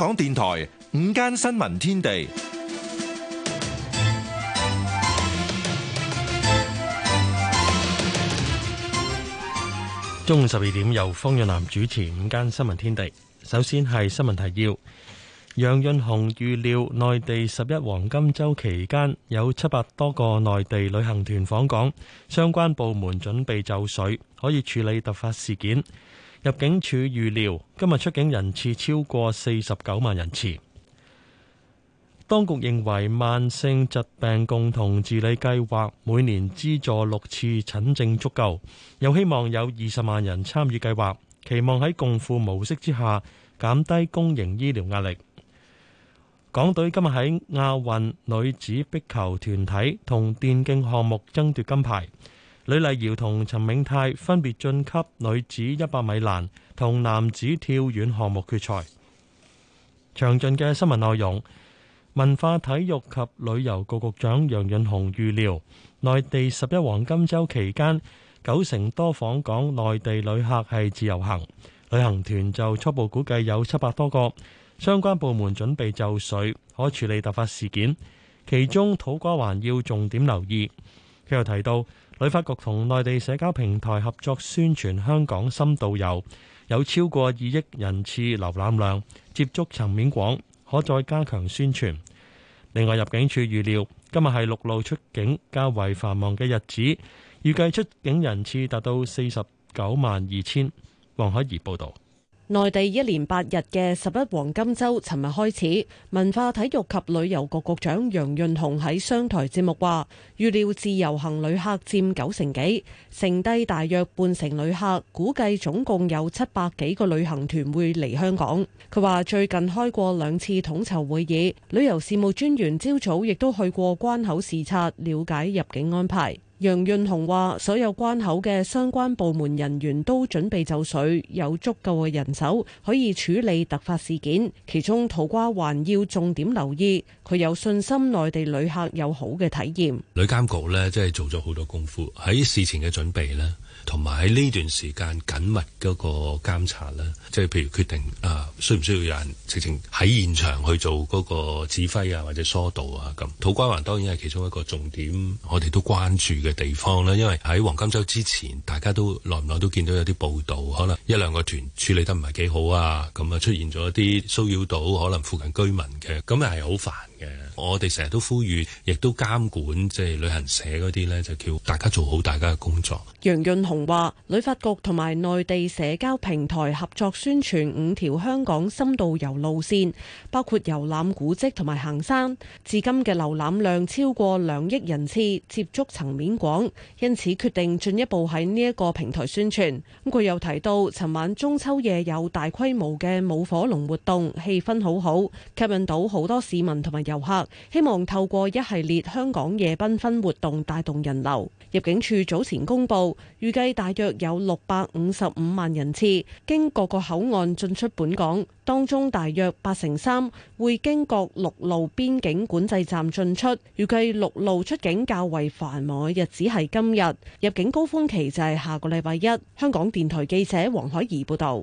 香港電台午間新聞天地，中午十二點由方潤南主持午間新聞天地。首先係新聞提要，楊潤雄預料內地十一黃金周期間有七百多個內地旅行團訪港，相關部門準備就緒，可以處理突發事件。入境處預料今日出境人次超過四十九萬人次。當局認為慢性疾病共同治理計劃每年資助六次診症足夠，又希望有二十萬人參與計劃，期望喺共付模式之下減低公營醫療壓力。港隊今日喺亞運女子壁球團體同電競項目爭奪金牌。呂麗瑤同陳銘泰分別晉級女子一百米欄同男子跳遠項目決賽。詳盡嘅新聞內容，文化體育及旅遊局局長楊潤雄預料，內地十一黃金周期間九成多訪港內地旅客係自由行，旅行團就初步估計有七百多個。相關部門準備就緒，可處理突發事件，其中土瓜灣要重點留意。佢又提到。旅發局同內地社交平台合作宣傳香港深度遊，有超過二億人次瀏覽量，接觸層面廣，可再加強宣傳。另外，入境處預料今日係陸路出境較為繁忙嘅日子，預計出境人次達到四十九萬二千。黃海怡報導。內地一連八日嘅十一黃金週，尋日開始。文化體育及旅遊局局長楊潤雄喺商台節目話，預料自由行旅客佔九成幾，剩低大約半成旅客，估計總共有七百幾個旅行團會嚟香港。佢話最近開過兩次統籌會議，旅遊事務專員朝早亦都去過關口視察，了解入境安排。楊潤雄話：所有關口嘅相關部門人員都準備就緒，有足夠嘅人手可以處理突發事件。其中，土瓜灣要重點留意。佢有信心內地旅客有好嘅體驗。旅監局呢，真係做咗好多功夫喺事前嘅準備呢。同埋喺呢段時間緊密嗰個監察啦，即係譬如決定啊，需唔需要有人直情喺現場去做嗰個指揮啊，或者疏導啊，咁土瓜灣當然係其中一個重點，我哋都關注嘅地方啦。因為喺黃金周之前，大家都耐唔耐都見到有啲報道，可能一兩個團處理得唔係幾好啊，咁啊出現咗一啲騷擾到可能附近居民嘅，咁又係好煩。我哋成日都呼籲，亦都監管，即係旅行社嗰啲咧，就叫大家做好大家嘅工作。楊潤雄話旅發局同埋內地社交平台合作宣傳五條香港深度遊路線，包括遊覽古蹟同埋行山，至今嘅瀏覽量超過兩億人次，接觸層面廣，因此決定進一步喺呢一個平台宣傳，咁佢又提到，尋晚中秋夜有大規模嘅舞火龍活動，氣氛好好，吸引到好多市民同埋。遊客希望透過一系列香港夜繽紛活動帶動人流。入境處早前公布，預計大約有六百五十五萬人次經各個口岸進出本港，當中大約八成三會經各陸路邊境管制站進出。預計陸路出境較為繁忙嘅日子係今日，入境高峰期就係下個禮拜一。香港電台記者黃海怡報道。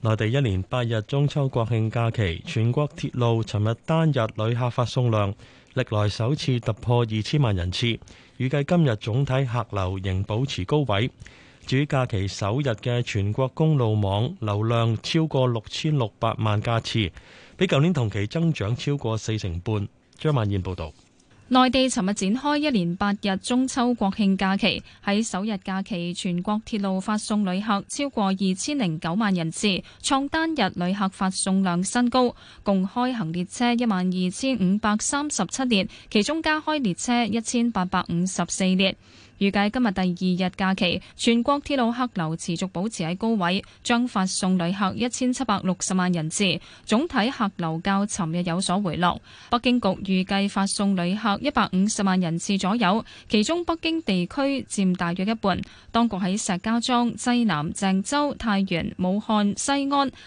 內地一年八日中秋國慶假期，全國鐵路尋日單日旅客發送量歷來首次突破二千萬人次，預計今日總體客流仍保持高位。至於假期首日嘅全國公路網流量超過六千六百萬架次，比舊年同期增長超過四成半。張曼燕報道。內地尋日展開一連八日中秋國慶假期，喺首日假期，全國鐵路發送旅客超過二千零九萬人次，創單日旅客發送量新高，共開行列車一萬二千五百三十七列，其中加開列車一千八百五十四列。預計今日第二日假期，全國鐵路客流持續保持喺高位，將發送旅客一千七百六十萬人次，總體客流較尋日有所回落。北京局預計發送旅客一百五十萬人次左右，其中北京地區佔大約一半。當局喺石家莊、濟南、鄭州、太原、武漢、西安、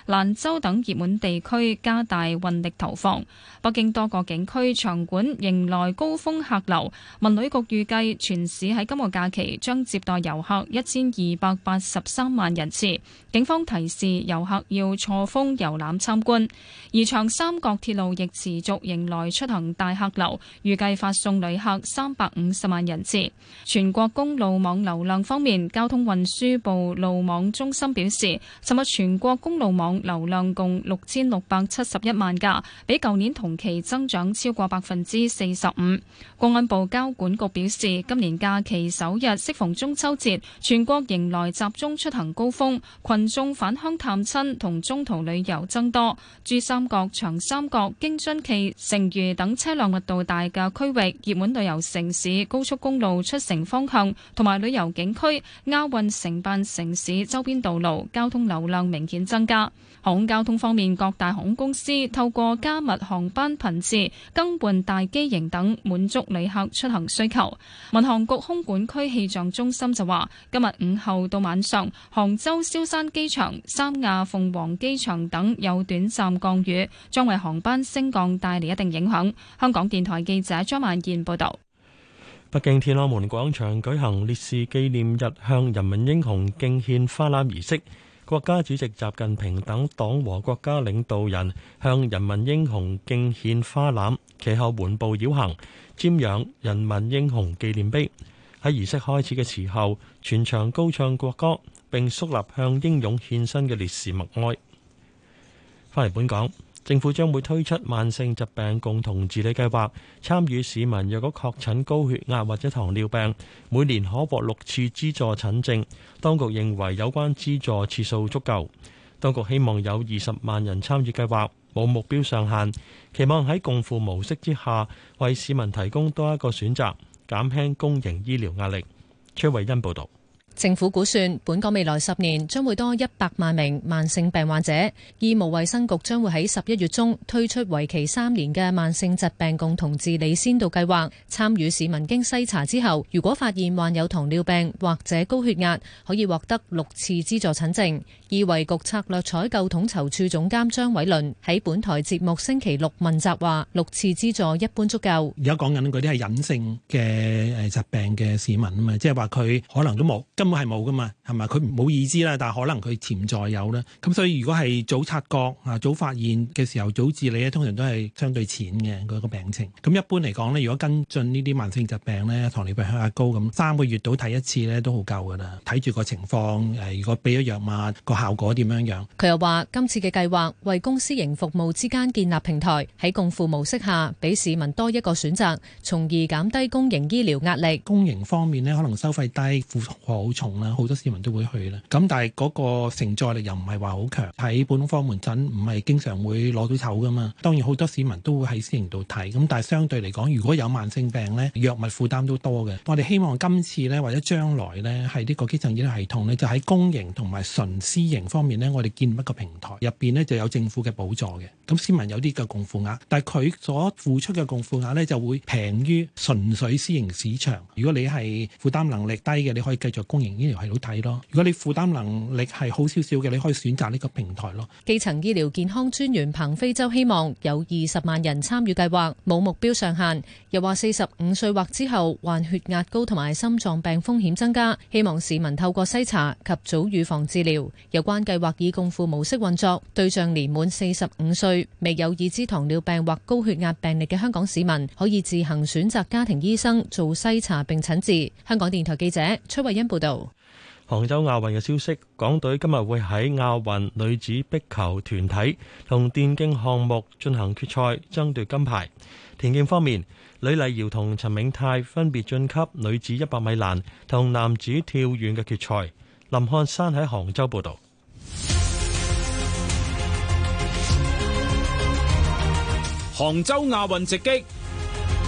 蘭州等熱門地區加大運力投放。北京多個景區場館迎來高峰客流，文旅局預計全市喺今日個假期將接待遊客一千二百八十三萬人次，警方提示遊客要錯峰遊覽參觀。而長三角鐵路亦持續迎來出行大客流，預計發送旅客三百五十萬人次。全國公路網流量方面，交通運輸部路網中心表示，尋日全國公路網流量共六千六百七十一萬架，比舊年同期增長超過百分之四十五。公安部交管局表示，今年假期。首日適逢中秋節，全國迎來集中出行高峰，群眾返鄉探親同中途旅遊增多。珠三角、長三角、京津冀、成渝等車輛密度大嘅區域，熱門旅遊城市高速公路出城方向同埋旅遊景區、亞運承辦城市周邊道路交通流量明顯增加。航空交通方面，各大航空公司透過加密航班頻次、更換大機型等，滿足旅客出行需求。民航局空管。區氣象中心就話，今日午後到晚上，杭州蕭山機場、三亞鳳凰機場等有短暫降雨，將為航班升降帶嚟一定影響。香港電台記者張萬燕報道。北京天安門廣場舉行烈士紀念日向人民英雄敬獻花籃儀式，國家主席習近平等黨和國家領導人向人民英雄敬獻花籃，其後緩步繞行，瞻仰人民英雄紀念碑。喺儀式開始嘅時候，全場高唱國歌，並肅立向英勇獻身嘅烈士默哀。翻嚟本港，政府將會推出慢性疾病共同治理計劃，參與市民若果確診高血壓或者糖尿病，每年可獲六次資助診症。當局認為有關資助次數足夠。當局希望有二十萬人參與計劃，冇目標上限，期望喺共付模式之下，為市民提供多一個選擇。減輕公營醫療壓力。崔慧恩報道。政府估算，本港未來十年將會多一百萬名慢性病患者。醫務衛生局將會喺十一月中推出為期三年嘅慢性疾病共同治理先導計劃。參與市民經篩查之後，如果發現患有糖尿病或者高血壓，可以獲得六次資助診症。醫衛局策略採購統，統籌處總監張偉倫喺本台節目星期六問責話：六次資助一般足夠。而家講緊嗰啲係隱性嘅誒疾病嘅市民啊嘛，即係話佢可能都冇今。係冇噶嘛，係咪，佢唔好意思啦，但係可能佢潛在有啦，咁所以如果係早察覺啊、早發現嘅時候、早治理咧，通常都係相對淺嘅嗰個病情。咁一般嚟講咧，如果跟進呢啲慢性疾病咧，糖尿病、血壓高咁，三個月到睇一次咧都好夠噶啦。睇住個情況，誒，如果俾咗藥物，個效果點樣樣？佢又話今次嘅計劃為公私營服務之間建立平台，喺共付模式下，俾市民多一個選擇，從而減低公營醫療壓力。公營方面咧，可能收費低，服好。重啦，好多市民都會去啦。咁但係嗰個承載力又唔係話好強，喺普通科門診唔係經常會攞到手噶嘛。當然好多市民都會喺私營度睇，咁但係相對嚟講，如果有慢性病咧，藥物負擔都多嘅。我哋希望今次咧或者將來呢，喺呢個基層醫療系統呢，就喺公營同埋純私營方面呢，我哋建立一個平台，入邊呢，就有政府嘅補助嘅。咁市民有啲嘅共付額，但係佢所付出嘅共付額呢，就會平於純粹私營市場。如果你係負擔能力低嘅，你可以繼續公營。醫療係好睇咯，如果你負擔能力係好少少嘅，你可以選擇呢個平台咯。基層醫療健康專員彭飛洲希望有二十萬人參與計劃，冇目標上限。又話四十五歲或之後患血壓高同埋心臟病風險增加，希望市民透過篩查及早預防治療。有關計劃以共付模式運作，對象年滿四十五歲未有已知糖尿病或高血壓病歷嘅香港市民，可以自行選擇家庭醫生做篩查並診治。香港電台記者崔慧欣報道。杭州亞運嘅消息，港隊今日會喺亞運女子壁球團體同電競項目進行決賽，爭奪金牌。田徑方面，呂麗瑤同陳銘泰分別晉級女子一百米欄同男子跳遠嘅決賽。林漢山喺杭州報道。杭州亞運直擊。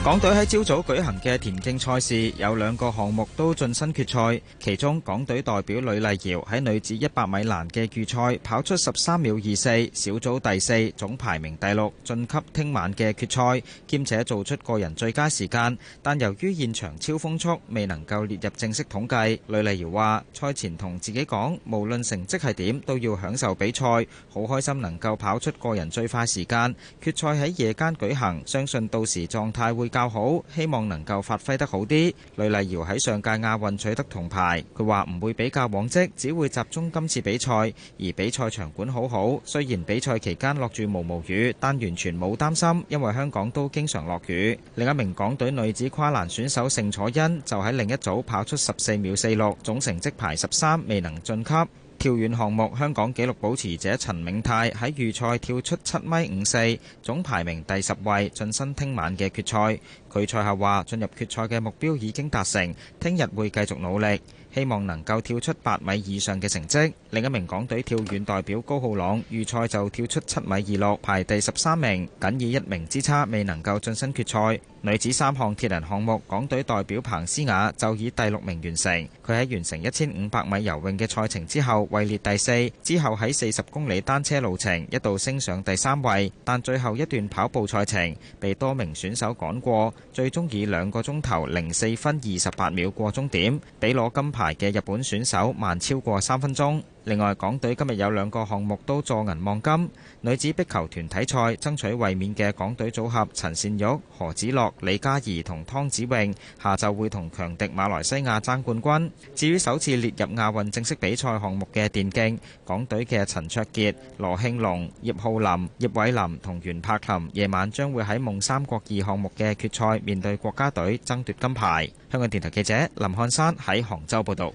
港隊喺朝早舉行嘅田徑賽事，有兩個項目都晉身決賽。其中，港隊代表呂麗瑤喺女子一百米欄嘅預賽跑出十三秒二四，小組第四，總排名第六，晉級聽晚嘅決賽，兼且做出個人最佳時間。但由於現場超風速，未能夠列入正式統計。呂麗瑤話：賽前同自己講，無論成績係點，都要享受比賽，好開心能夠跑出個人最快時間。決賽喺夜間舉行，相信到時狀態會。較好，希望能夠發揮得好啲。呂麗瑤喺上屆亞運取得銅牌，佢話唔會比較往績，只會集中今次比賽。而比賽場館好好，雖然比賽期間落住毛毛雨，但完全冇擔心，因為香港都經常落雨。另一名港隊女子跨欄選手盛楚欣就喺另一組跑出十四秒四六，總成績排十三，未能晉級。跳遠項目，香港紀錄保持者陳銘泰喺預賽跳出七米五四，總排名第十位，晉身聽晚嘅決賽。佢賽後話：進入決賽嘅目標已經達成，聽日會繼續努力。希望能夠跳出八米以上嘅成績。另一名港隊跳遠代表高浩朗，預賽就跳出七米二六，排第十三名，僅以一名之差未能夠晉身決賽。女子三項鐵人項目，港隊代表彭思雅就以第六名完成。佢喺完成一千五百米游泳嘅賽程之後，位列第四，之後喺四十公里單車路程一度升上第三位，但最後一段跑步賽程被多名選手趕過，最終以兩個鐘頭零四分二十八秒過終點，比攞金牌嘅日本選手慢超過三分鐘。另外，港隊今日有兩個項目都坐銀望金，女子壁球團體賽爭取衛冕嘅港隊組合陳善玉、何子樂、李嘉怡同湯子穎，下晝會同強敵馬來西亞爭冠軍。至於首次列入亞運正式比賽項目嘅電競，港隊嘅陳卓傑、羅慶龍、葉浩林、葉偉林同袁柏林，夜晚將會喺夢三國二項目嘅決賽面對國家隊爭奪金牌。香港電台記者林漢山喺杭州報導。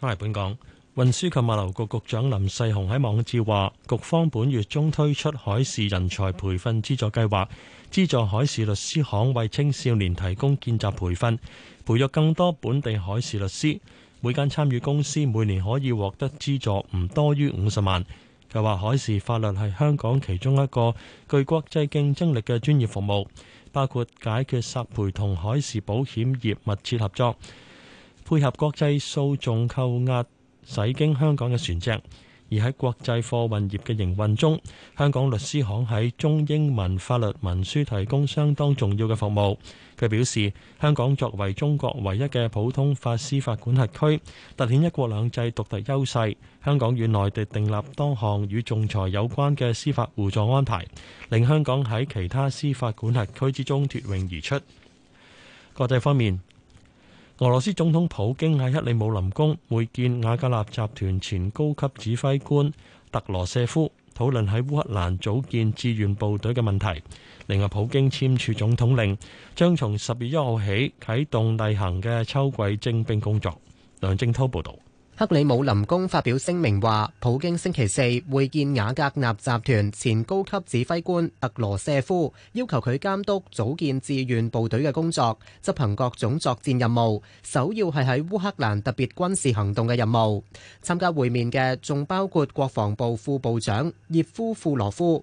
返嚟本港。運輸及物流局局長林世雄喺網誌話，局方本月中推出海事人才培訓資助計劃，資助海事律師行為青少年提供見習培訓，培育更多本地海事律師。每間參與公司每年可以獲得資助，唔多於五十萬。佢話海事法律係香港其中一個具國際競爭力嘅專業服務，包括解決索賠同海事保險業密切合作，配合國際訴訟扣押，駛經香港嘅船隻，而喺國際貨運業嘅營運中，香港律師行喺中英文法律文書提供相當重要嘅服務。佢表示，香港作為中國唯一嘅普通法司法管轄區，突顯一國兩制獨特優勢。香港與內地訂立多項與仲裁有關嘅司法互助安排，令香港喺其他司法管轄區之中脫穎而出。國際方面。俄羅斯總統普京喺克里姆林宮會見瓦格納集團前高級指揮官特羅謝夫，討論喺烏克蘭組建志願部隊嘅問題。另外，普京簽署總統令，將從十月一號起啟動例行嘅秋季徵兵工作。梁正濤報道。克里姆林宮發表聲明話，普京星期四會見瓦格納集團前高級指揮官特羅謝夫，要求佢監督組建志願部隊嘅工作，執行各種作戰任務，首要係喺烏克蘭特別軍事行動嘅任務。參加會面嘅仲包括國防部副部長葉夫庫羅夫。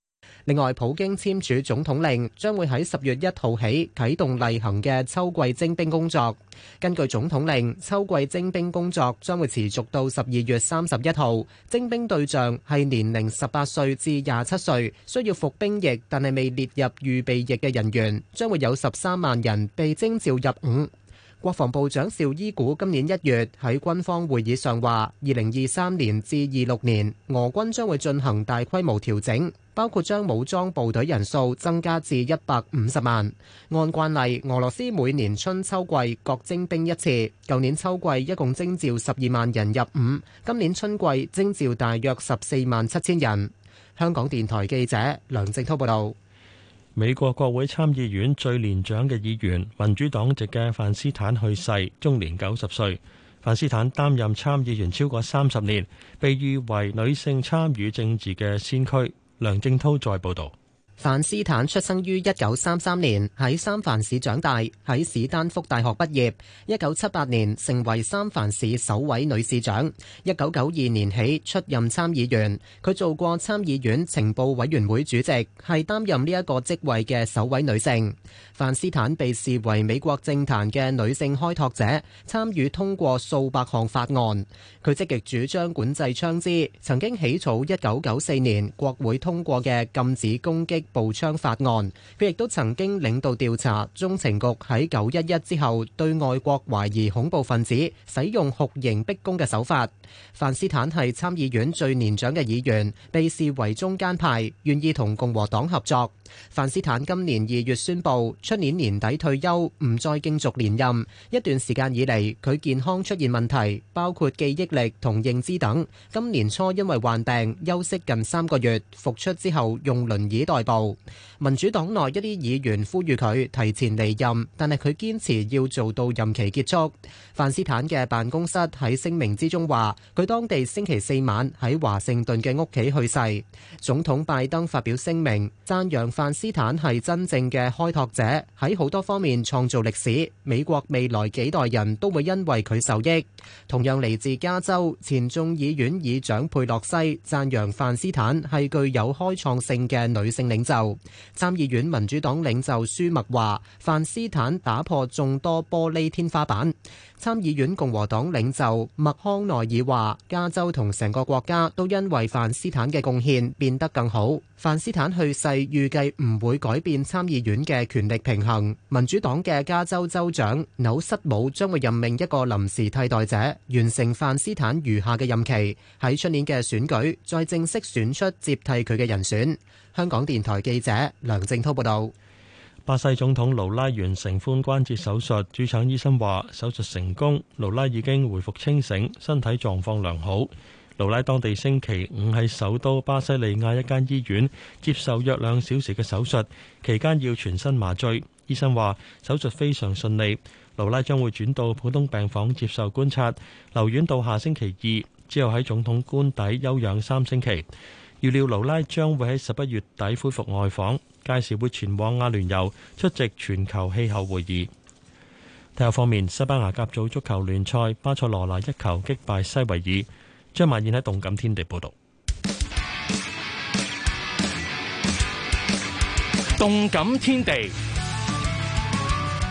另外，普京簽署總統令，將會喺十月一號起啟動例行嘅秋季徵兵工作。根據總統令，秋季徵兵工作將會持續到十二月三十一號。徵兵對象係年齡十八歲至廿七歲，需要服兵役但係未列入預備役嘅人員，將會有十三萬人被徵召入伍。國防部長邵伊古今年一月喺軍方會議上話，二零二三年至二六年俄軍將會進行大規模調整。包括將武裝部隊人數增加至一百五十萬。按慣例，俄羅斯每年春秋季各徵兵一次。舊年秋季一共徵召十二萬人入伍，今年春季徵召大約十四萬七千人。香港電台記者梁正滔報導。美國國會參議院最年長嘅議員、民主黨籍嘅范斯坦去世，終年九十歲。范斯坦擔任參議員超過三十年，被譽為女性參與政治嘅先驅。梁靜濤再報道。范斯坦出生於一九三三年，喺三藩市長大，喺史丹福大學畢業。一九七八年成為三藩市首位女市長。一九九二年起出任參議員，佢做過參議院情報委員會主席，係擔任呢一個職位嘅首位女性。范斯坦被視為美國政壇嘅女性開拓者，參與通過數百項法案。佢積極主張管制槍支，曾經起草一九九四年國會通過嘅禁止攻擊步槍法案，佢亦都曾經領導調查中情局喺九一一之後對外國懷疑恐怖分子使用酷刑逼供嘅手法。范斯坦係參議院最年長嘅議員，被視為中間派，願意同共和黨合作。范斯坦今年二月宣布出年年底退休，唔再競逐連任。一段時間以嚟，佢健康出現問題，包括記憶力同認知等。今年初因為患病休息近三個月，復出之後用輪椅代步。民主黨內一啲議員呼籲佢提前離任，但係佢堅持要做到任期結束。范斯坦嘅辦公室喺聲明之中話，佢當地星期四晚喺華盛頓嘅屋企去世。總統拜登發表聲明讚揚范斯坦係真正嘅開拓者，喺好多方面創造歷史。美國未來幾代人都會因為佢受益。同樣嚟自加州前眾議院議長佩洛西讚揚范斯坦係具有開創性嘅女性領袖。就參議院民主黨領袖舒默話，范斯坦打破眾多玻璃天花板。參議院共和黨領袖麥康奈爾話,加州同成個國家都因為范斯坦嘅貢獻變得更好。范斯坦去世預計唔會改變參議院嘅權力平衡。民主黨嘅加州州長紐瑟姆將會任命一個臨時替代者,完成范斯坦餘下嘅任期。喺出年嘅選舉,再正式選出接替佢嘅人選。香港電台記者梁正滔報道。巴西總統盧拉完成髖關節手術，主診醫生話手術成功，盧拉已經恢復清醒，身體狀況良好。盧拉當地星期五喺首都巴西利亞一間醫院接受約兩小時嘅手術，期間要全身麻醉。醫生話手術非常順利，盧拉將會轉到普通病房接受觀察，留院到下星期二之後喺總統官邸休養三星期。預料盧拉將會喺十一月底恢復外訪。屆時會前往阿聯酋出席全球氣候會議。體育方面，西班牙甲組足球聯賽巴塞羅那一球擊敗西維爾。張蔓延喺動感天地報道。動感天地，天地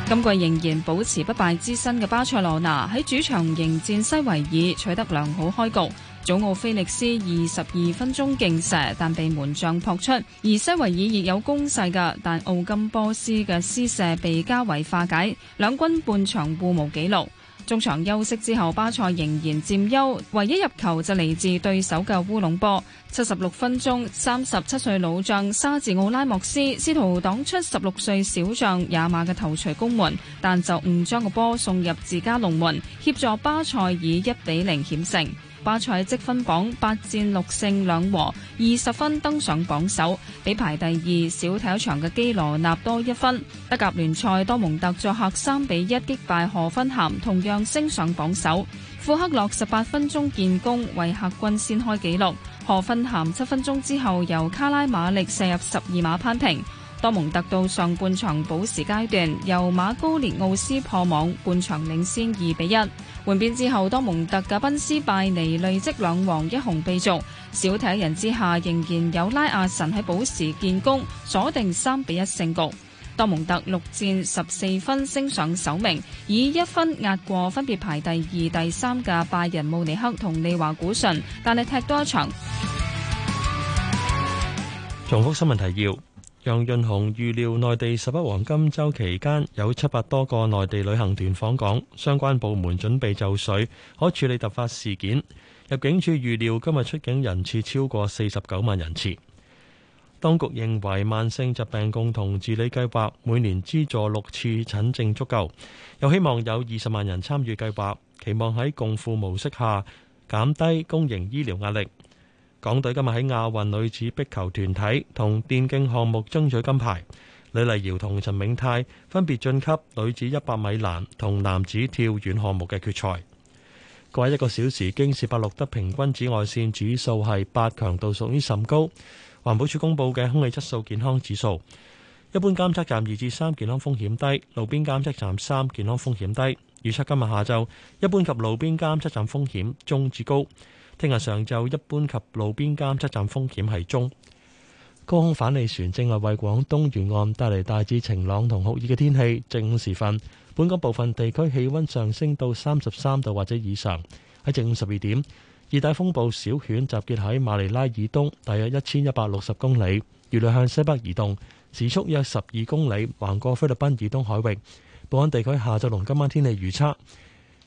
今季仍然保持不敗之身嘅巴塞羅那喺主場迎戰西維爾，取得良好開局。祖奧菲力斯二十二分鐘勁射，但被門將撲出；而西維爾亦有攻勢，噶但奧金波斯嘅施射被加維化解。兩軍半場互無紀錄，中場休息之後，巴塞仍然佔優，唯一入球就嚟自對手嘅烏龍波。七十六分鐘，三十七歲老將沙治奧拉莫斯試圖擋出十六歲小將亞馬嘅頭槌攻門，但就唔將個波送入自家龍門，協助巴塞以一比零險勝。巴塞積分榜八戰六勝兩和，二十分登上榜首，比排第二少賽一場嘅基羅納多一分。德甲聯賽多蒙特作客三比一擊敗荷芬咸，同樣升上榜首。庫克洛十八分鐘建功，為客軍先開紀錄。荷芬咸七分鐘之後由卡拉馬力射入十二碼扳平。多蒙特到上半場補時階段，由馬高列奧斯破網，半場領先二比一。換邊之後，多蒙特嘅賓斯拜尼累積兩黃一紅被逐，小鐵人之下仍然有拉亞神喺保時建功，鎖定三比一勝局。多蒙特六戰十四分升上首名，以一分壓過分別排第二、第三嘅拜仁慕尼黑同利華古遜，但係踢多一場。重複新聞提要。楊潤雄預料內地十一黃金周期間有七百多個內地旅行團訪港，相關部門準備就緒，可處理突發事件。入境處預料今日出境人次超過四十九萬人次。當局認為慢性疾病共同治理計劃每年資助六次診症足夠，又希望有二十萬人參與計劃，期望喺共付模式下減低公營醫療壓力。港隊今日喺亞運女子壁球團體同電競項目爭取金牌，李麗瑤同陳銘泰分別晉級女子一百米欄同男子跳遠項目嘅決賽。過去一個小時，京士柏錄得平均紫外線指數係八，強度屬於甚高。環保署公佈嘅空氣質素健康指數，一般監測站二至三，健康風險低；路邊監測站三，健康風險低。預測今日下晝，一般及路邊監測站風險中至高。聽日上晝一般及路邊監測站風險係中，高空反氣旋正係為廣東沿岸帶嚟，大致晴朗同酷熱嘅天氣。正午時分，本港部分地區氣溫上升到三十三度或者以上。喺正午十二點，熱帶風暴小犬集結喺馬尼拉以東大約一千一百六十公里，預料向西北移動，時速約十二公里，橫過菲律賓以東海域。本港地區下晝同今晚天氣預測。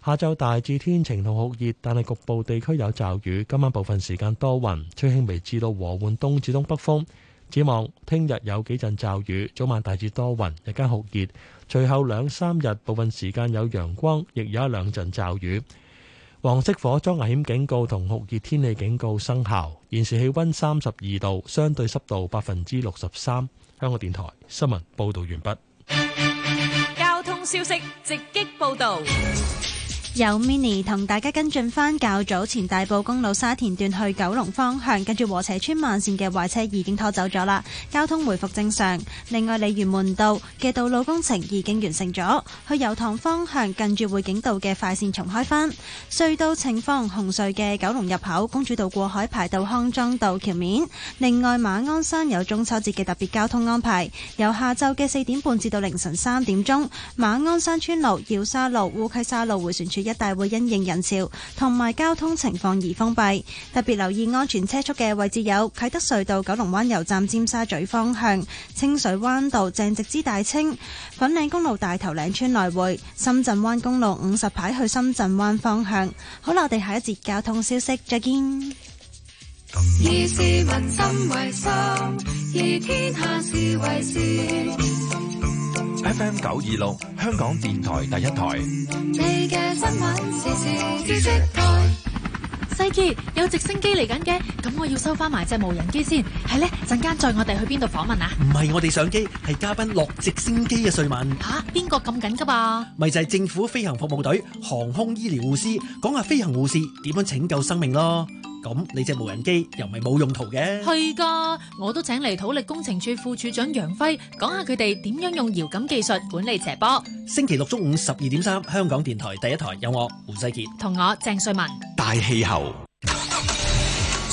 下晝大致天晴同酷熱，但係局部地區有驟雨。今晚部分時間多雲，吹輕微至到和緩東至東北風。展望聽日有幾陣驟雨，早晚大致多雲，日間酷熱。隨後兩三日部分時間有陽光，亦有一兩陣驟雨。黃色火災危險警告同酷熱天氣警告生效。現時氣溫三十二度，相對濕度百分之六十三。香港電台新聞報道完畢。交通消息直擊報道。由 mini 同大家跟進翻較早前大埔公路沙田段去九龍方向，跟住和斜村慢線嘅壞車已經拖走咗啦，交通回復正常。另外，鯉魚門道嘅道路工程已經完成咗，去油塘方向近住匯景道嘅快線重開翻。隧道情況，紅隧嘅九龍入口、公主道過海排到康莊道橋面。另外，馬鞍山有中秋節嘅特別交通安排，由下晝嘅四點半至到凌晨三點鐘，馬鞍山村路、耀沙路、烏溪沙路迴旋處。一帶會因應人潮同埋交通情況而封閉，特別留意安全車速嘅位置有啟德隧道九龍灣油站、尖沙咀方向、清水灣道正直之大清、粉嶺公路大頭嶺村來回、深圳灣公路五十牌去深圳灣方向。好，我哋下一節交通消息再見。F M 九二六香港電台第一台。細杰 Hi. 有直升機嚟緊嘅，咁我要收翻埋隻無人機先。係咧，陣間載我哋去邊度訪問啊？唔係我哋上機，係嘉賓落直升機嘅詢問。吓、啊，邊個咁緊急啊？咪就係政府飛行服務隊航空醫療護士，講下飛行護士點樣拯救生命咯。咁你隻無人機又咪冇用途嘅？係噶，我都請嚟土力工程處副處長楊輝講下佢哋點樣用遙感技術管理斜坡。星期六中午十二點三，3, 香港電台第一台有我胡世杰同我鄭瑞文大氣候。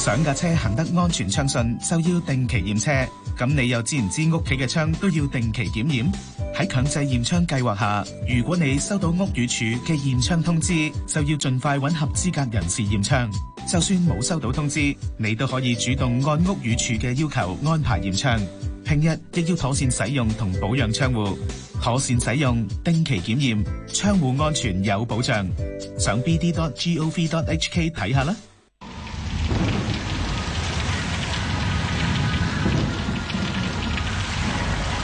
上架車行得安全暢順，就要定期驗車。咁你又知唔知屋企嘅窗都要定期檢驗？喺強制驗窗計劃下，如果你收到屋宇署嘅驗窗通知，就要盡快揾合資格人士驗窗。就算冇收到通知，你都可以主動按屋宇署嘅要求安排驗窗。平日亦要妥善使用同保養窗戶，妥善使用、定期檢驗，窗戶安全有保障。上 bd.gov.hk 睇下啦。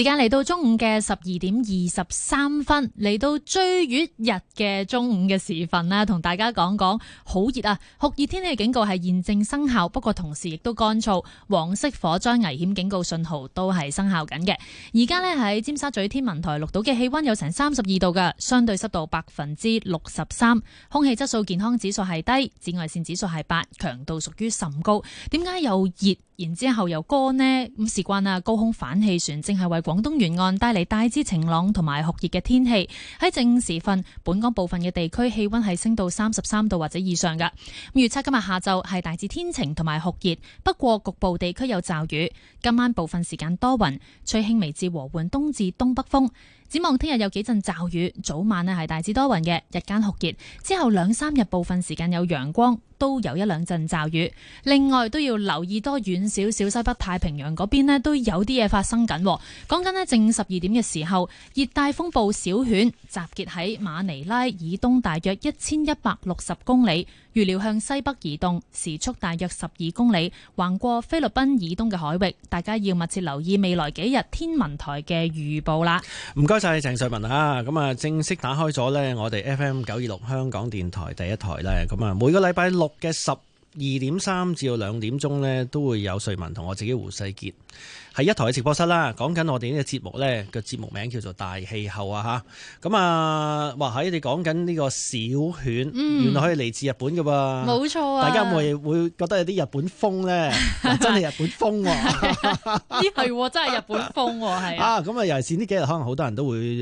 時間嚟到中午嘅十二點二十三分，嚟到追月日嘅中午嘅時分啦，同大家講講好熱啊！酷熱天氣警告係現正生效，不過同時亦都乾燥，黃色火災危險警告信號都係生效緊嘅。而家呢，喺尖沙咀天文台錄到嘅氣温有成三十二度㗎，相對濕度百分之六十三，空氣質素健康指數係低，紫外線指數係八，強度屬於甚高。點解又熱，然之後又乾呢？咁事關啊，高空反氣旋正係為。廣東沿岸帶嚟大致晴朗同埋酷熱嘅天氣，喺正午時分，本港部分嘅地區氣溫係升到三十三度或者以上嘅。預測今日下晝係大致天晴同埋酷熱，不過局部地區有驟雨。今晚部分時間多雲，吹輕微至和緩東至東北風。展望聽日有幾陣驟雨，早晚咧係大致多雲嘅，日間酷熱之後兩三日部分時間有陽光，都有一兩陣驟雨，另外都要留意多遠少少，西北太平洋嗰邊咧都有啲嘢發生緊。講緊咧正十二點嘅時候，熱帶風暴小犬集結喺馬尼拉以東大約一千一百六十公里，預料向西北移動，時速大約十二公里，橫過菲律賓以東嘅海域。大家要密切留意未來幾日天文台嘅預報啦。唔該晒鄭瑞文啊，咁啊正式打開咗呢，我哋 FM 九二六香港電台第一台呢。咁啊每個禮拜六，嘅十二點三至到兩點鐘咧，都會有瑞文同我自己胡世杰喺一台嘅直播室啦，講緊我哋呢個節目咧，個節目名叫做《大氣候》啊吓，咁啊，哇喺你講緊呢個小犬，嗯、原來可以嚟自日本㗎噃，冇錯啊！大家會會覺得有啲日本風咧，真係日本風，啲係真係日本風，係啊。咁 啊，尤其是呢幾日，可能好多人都會。